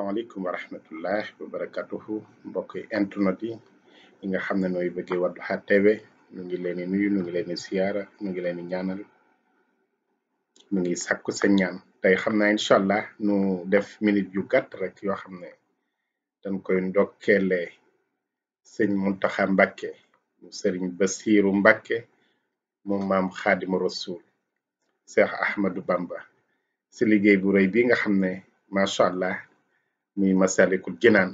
asalaamaaleykum wa rahmatullah wa barakatuhu mbokk internet yi ñi nga xam ne nooy bëggee Wadduha TV ñu ngi leen di nuyu ñu ngi leen di siyaara ñu ngi leen di ñaanal ñu ngi sàkku sa ñaan tey xam naa incha allah nu def minute yu gàtt rek yoo xam ne dañ koy ndokkeele sëñ Muntaxa Mbàkke mu sëriñ Basiiru Mbàkke moom maam Xaadimu Rasuul Seex Ahmadu Bamba si liggéey bu rëy bi nga xam ne macha allah muy masalikul jinaan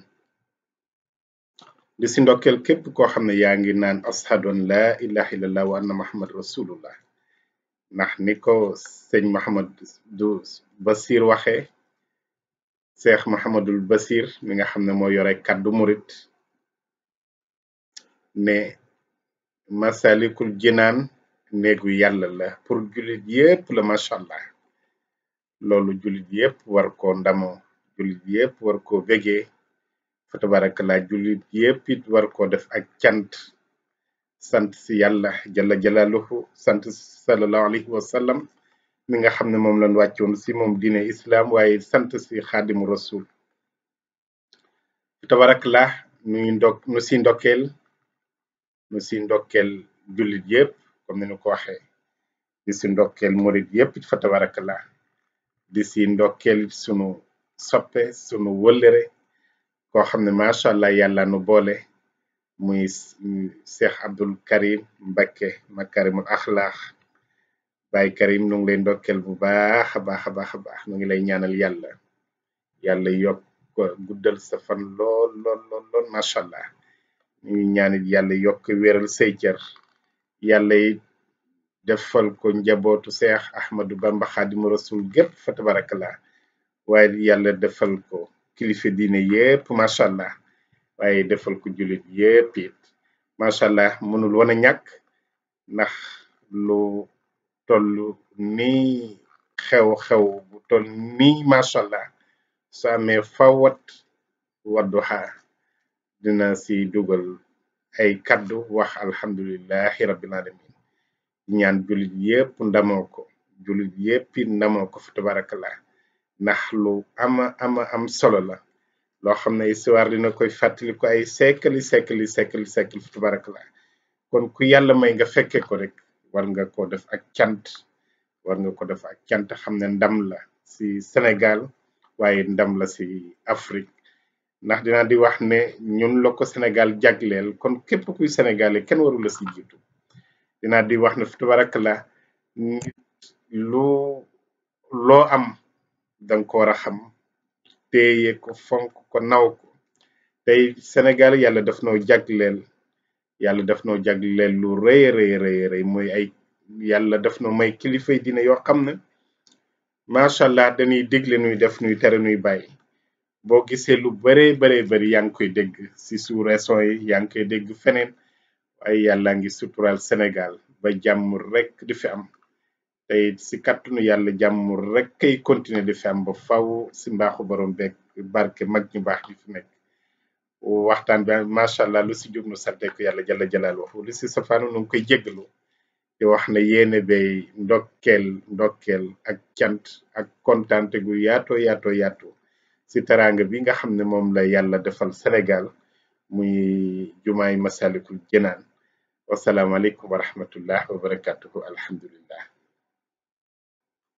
di si ndokkeel képp koo xam ne yaa ngi naan ashadu an laa ilaha illallah wa anna muhammad rasulullah ndax ni ko sëñ Mouhamad du Basir waxee seex Mouhamadul Basir mi nga xam ne moo yore kàddu murit ne masalikul jinaan néegu yàlla la pour jullit yépp la macha allah loolu julit yépp war ko jullit yëpp war koo bégee fa tabarakallah jullit yëpp it war koo def ak cant sant si yàlla jalla jalaluhu sant sallallahu alayhi wa sallam mi nga xam ne moom lañ wàccoon si moom diine islam waaye sant si xaadimu rasul fa tabarakallah ngi ndok nu si ndokkeel nu si ndokkeel julit yëpp comme ni nu ko waxee di si ndokkeel murit yëpp fa fa la di si ndokkeel sunu soppe sunu wëllëre koo xam ne macha allah yàlla nu boole muy Cheikh Abdul Karim Mbakke makarimul axlaax Baye Karim nu ngi lay ndokkeel bu baax a baax a baax a baax nu ngi lay ñaanal yàlla yàlla yokk guddal sa fan lool lool lool macha allah ñu ñaanit yàlla yokk wéral say cër yàlla yi defal ko njabootu Seex Ahmadu Bamba Xaadimu Rasul gépp fa tabarakala waaye yàlla defal ko kilifa diine yépp macha allah waaye defal ko jullit yépp it macha allah mënul woon ñàkk ndax lu toll ni xew-xew bu toll ni macha allah su amee fawat dina si dugal ay kaddu wax alhamdulilahi rabbil alamin ñaan jullit yépp ndamoo ko yépp ndamoo ko fa tabarakallah nah lu ama ama am solo la lo xamne ci war dina koy fatali ko ay sekkali sekkali sekkali sekkali fi tabarakala kon ku yalla may nga fekke ko rek war nga ko def ak tiant war nga ko def ak tiant xamne ndam la si Senegal, waye ndam la si afrique ndax dina di wax ne ñun la ko senegal jaglel kon kep ku senegalé ken waru la si jitu dina di wax ne fi tabarakala lu lo am danga ko war a xam téye ko fonk ko naw ko tey Sénégal yàlla daf noo jagleel yàlla daf noo jagleel lu rëy rëy rëy rëy mooy ay yàlla daf noo may kilifay dina yoo xam ne macha allah dañuy digle nuy def nuy tere nuy bàyyi boo gisee lu bëree bëree bëri yaa ngi koy dégg si sous raison yi yaa ngi koy dégg feneen waaye yàlla ngi suturaal Sénégal ba jàmm rek di fi am te si kàttanu yàlla jàmm rek kay continuer di fi am faw si mbaaxu borom beeg barke mag ñu baax ñu fi nekk waxtaan bi macha allah lu si jub nu sante yàlla jalla jalaal waxu lu si safaanu nu ngi koy jéggalu di wax ne yéene bay ndokkeel ak cant ak kontante gu yaatoo yaatoo yaatu si teraanga bi nga xam ne moom la yàlla defal Sénégal muy jumaay masalikul jinaan wasalaamaaleykum wa rahmatullah wa barakatuhu alhamdulillah